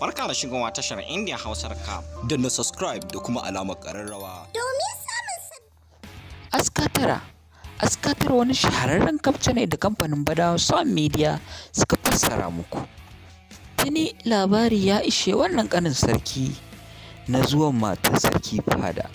Barka da shigowa tashar Indian Hausar ka. Da na subscribe da kuma alamar ƙararrawa. Domin samun Askatara Askatar wani shahararren kafce ne da kamfanin Badawa Sound Media suka fassara muku. Tuni labari ya ishe wannan ƙanin sarki na zuwan matar sarki fada.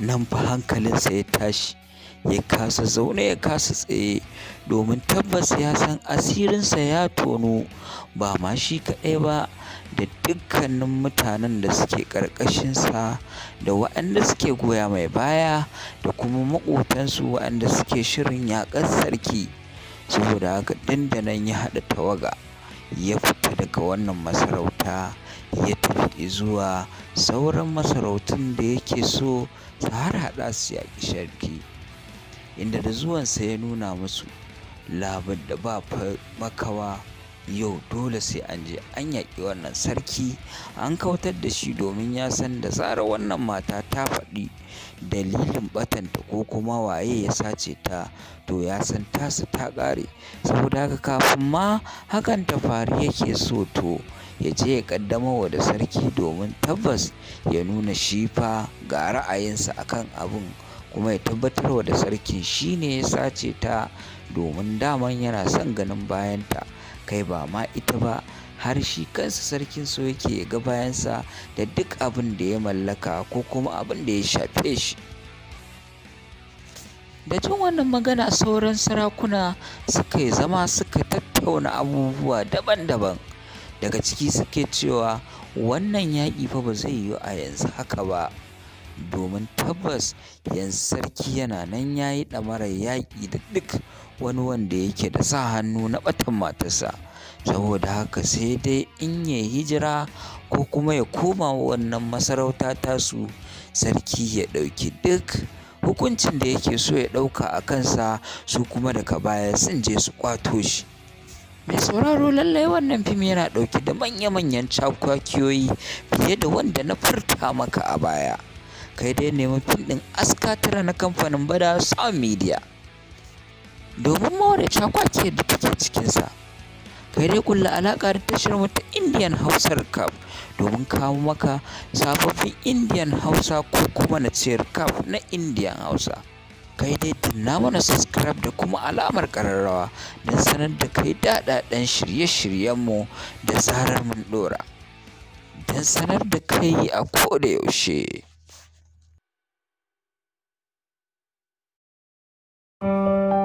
Nan fa hankalinsa ya tashi ya kasa zaune ya kasa tsaye domin tabbas ya san asirinsa ya tono ba ma shi kaɗai ba da dukkanin mutanen da suke ƙarƙashinsa da waɗanda suke goya mai baya da kuma maƙotansu waɗanda suke shirin yaƙar sarki saboda haka dandanan ya haɗa tawaga ya fita daga wannan masarauta ya tafi zuwa sauran masarautun da yake so su har haɗa su yaƙi sarki. inda da zuwansa ya nuna musu labar da ba makawa yau dole sai an je an yaƙi wannan sarki an kautar da shi domin ya san da tsara wannan mata ta faɗi dalilin batanta ko kuma waye ya sace ta to ya san tasu ta ƙare saboda haka kafin ma hakan ta faru yake so to ya je ya wa da sarki domin tabbas ya nuna shi fa ga ra'ayinsa akan abin kuma ya tabbatarwa da sarki shi ne ya sace ta domin daman yana son ganin bayanta kai ba ma ita ba har shi kansa sarkin so yake ga bayansa da duk abin da ya mallaka ko kuma abin da ya shafe shi da jin wannan magana sauran sarakuna suka yi zama suka tattauna abubuwa daban-daban daga ciki suke cewa wannan yaƙi fa ba zai yi a yanzu haka ba domin tabbas yanzu sarki yana nan ya yi ɗamarar yaƙi da duk wani wanda yake da sa hannu na ɓatan matarsa saboda haka sai dai in ya hijira ko kuma ya koma wannan masarauta tasu sarki ya ɗauki duk hukuncin da yake so ya ɗauka a kansa su kuma daga baya sun je su ƙwato shi mai sauraro lallai wannan fim yana ɗauke da manya-manyan cakwakiyoyi fiye da wanda na furta maka a baya kai dai nemi fil ɗin askatara na kamfanin bada sound media domin more ke da take cikinsa kai dai kulla alaƙa da tashar ta indian hausar cup domin kawo maka sababbin indian hausa ko kuma na ciyar cup na indian hausa kai dai danna mana subscribe da kuma alamar kararrawa don sanar da kai daɗaɗɗen shirye-shiryenmu da zarar mun ɗora don sanar da kai a koda yaushe Música